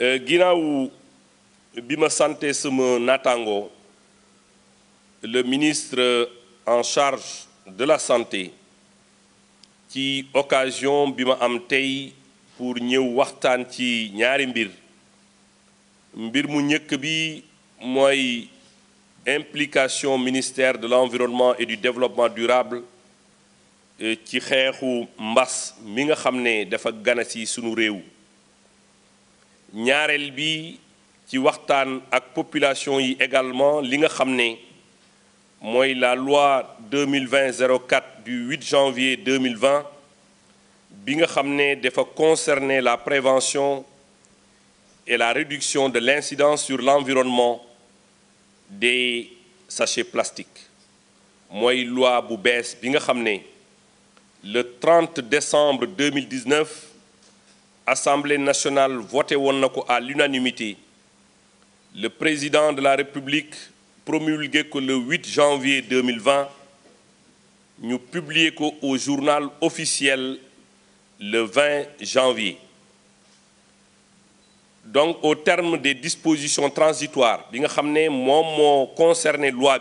Euh, Guinaou, Bima santé Natango, le ministre en charge de la santé qui occasion Bima amtei pour ñëw waxtaan ci ñaari mbir implication ministère de l'environnement et du développement durable euh, ci xeexu mbas mi nga xam ñaareel bi ci ak population également li la loi 2020-04 du 8 janvier 2020 bi nga la prévention et la réduction de l'incidence sur l'environnement des sachets plastiques La loi bu le 30 décembre 2019 Assemblée nationale voté à l'unanimité le président de la République promulgué que le 8 janvier 2020 nous publions au journal officiel le 20 janvier donc au terme des dispositions transitoires nous nga xam ne concerné loi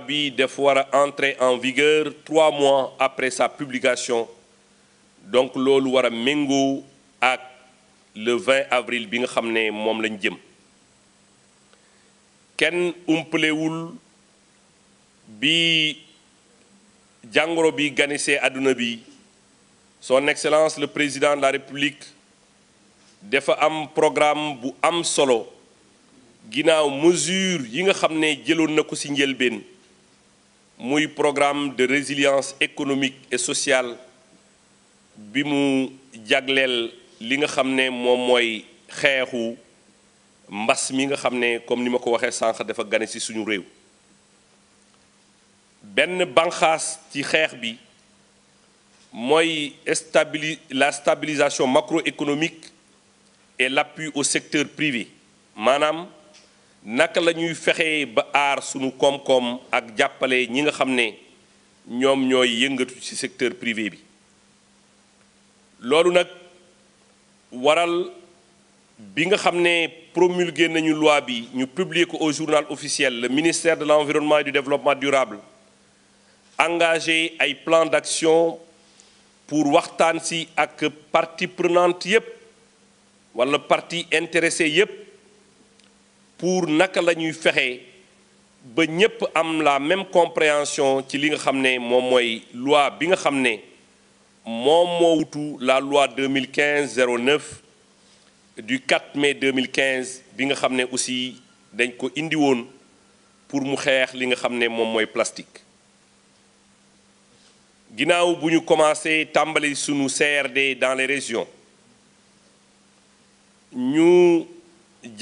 bi loi entrer en vigueur trois mois après sa publication donc loolu wara a ak le 20 avril bi nga xamné mom lañ jëm kenn wul bi jangoro bi ganisee aduna bi son excellence le président de la république dafa am programme bu am solo ginaaw mesure yi nga xamné ne nako na ko ci muy programme de résilience économique et sociale bimu jaglel li nga xam mom moy mooy mbass mi nga xam comme ni ko waxee sank dafa gane ci suñu rew ben banqaas ci xeex bi moy la stabilisation macroéconomique et l'appui au secteur privé Manam naka lañuy fexé ba aar suñu kom koom ak jappalé ñi nga xamné ñom ñoy yëngatu ci secteur privé bi Lorsque nak waral nañu loi bi ñu au journal officiel le ministère de l'environnement et du développement durable engagé un plan d'action pour voir si ak parties prenantes yépp wala parties intéressées yépp pour naka la la même compréhension que li nga loi mon la loi 2015-09 du 4 mai 2015 bi nga aussi dañ ko pour mu xeex li nga xam ne moom plastique ginnaaw nous avons commencé sunu CRD dans les régions Nous,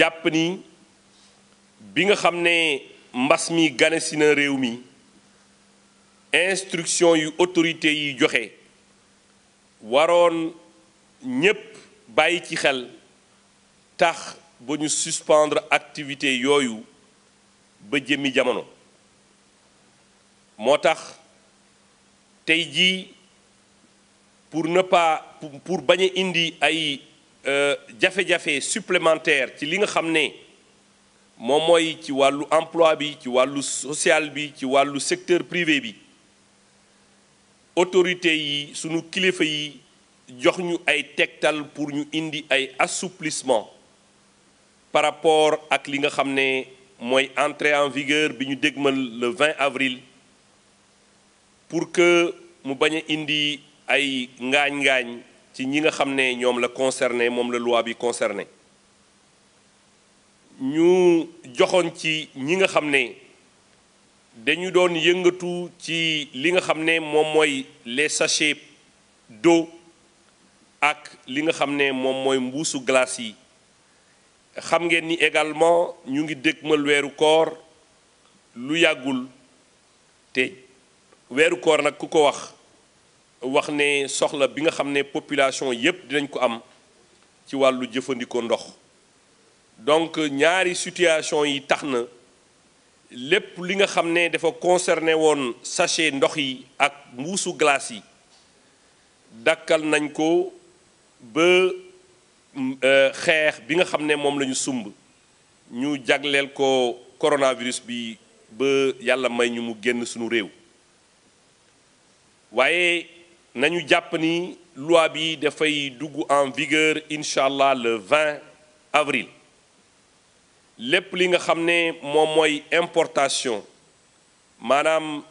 avons ni bi nga xam de mi ganesi de instruction yu autorité yi Waron ñépp bàyyi ci xel tax buñu suspendre activité yoyu ba jëmi jamono motax tay ji pour ne pas pour bañ indi ay jafé euh, jafé supplémentaire ci li nga xamné mom moy ci walu emploi bi ci walu social bi ci walu secteur privé bi autorité yi sunu kilifa yi jox ñu ay tegtal pour ñu indi ay assouplissement par rapport ak li nga xam ne mooy entrée en vigueur bi ñu dégmal le 20 avril pour que mu bañ a indi ay ngaañ-ngaañ ci ñi nga xam ne ñoom la concerné moom la loi bi concerné ñu joxoon ci ñi nga xam ne dañu doon yëngatu ci li nga xam ne moom mooy les sachets do ak li nga xam ne moom mooy mbuusu glace yi xam ngeen ni également ñu ngi dëgmal weeru koor lu yàggul te weeru koor nag ku ko wax wax ne soxla bi nga xam ne population yépp dinañ ko am ci wàllu jëfandikoo ndox donc ñaari situation yi tax na lépp li nga xam ne dafa concerné woon sachet ndox yi ak mbuusu glace yi dakkal nañ ko ba mm, euh, xeex bi nga xam ne moom lañu sumb ñu jagleel ko coronavirus bi ba yàlla may ñu mu génn suñu réew waaye nañu jàpp ni loi bi dafay dugg en vigueur incha allah le 20 avril lépp li nga xam ne moom importation maanaam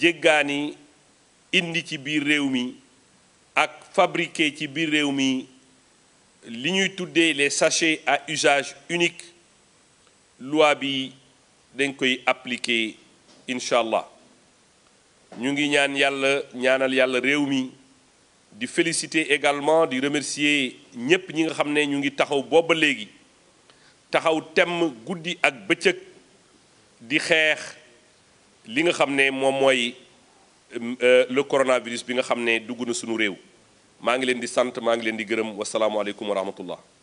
jéggaani indi ci biir réew mi ak fabriqué ci biir réew li ñuy tuddee les sachets à usage unique loi bi dañ koy appliquer incha allah ñu ngi ñaan yàlla ñaanal yàlla réew di féliciter également di remercier ñépp ñi nga xam ne ñu ngi taxaw booba léegi taxaw temm guddi ak bëccëg di xeex li nga xam ne moom mooy le coronavirus bi nga xam ne dugg na sunu réew maa ngi leen di sant maa ngi leen di gërëm wasalaamualeykum wa rahmatullah